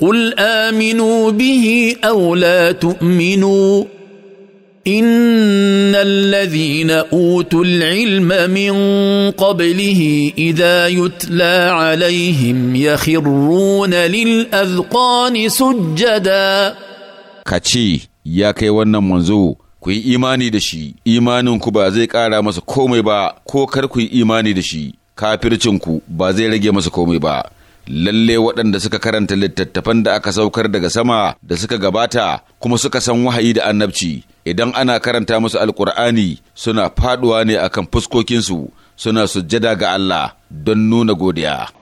قل امنوا به او لا تؤمنوا ان الذين اوتوا العلم من قبله اذا يتلى عليهم يخرون للاذقان سجدا كاتشي يا كي wannan manzo ku yi imani da shi imaninku ba zai ƙara masa komai ba ko kar ku yi imani da shi kafircinku ba zai rage masa komai ba lalle waɗanda suka karanta littattafan da aka saukar daga sama da suka gabata kuma suka san wahayi da annabci idan ana karanta musu alkur'ani suna faɗuwa ne akan fuskokinsu suna sujjada ga Allah don nuna godiya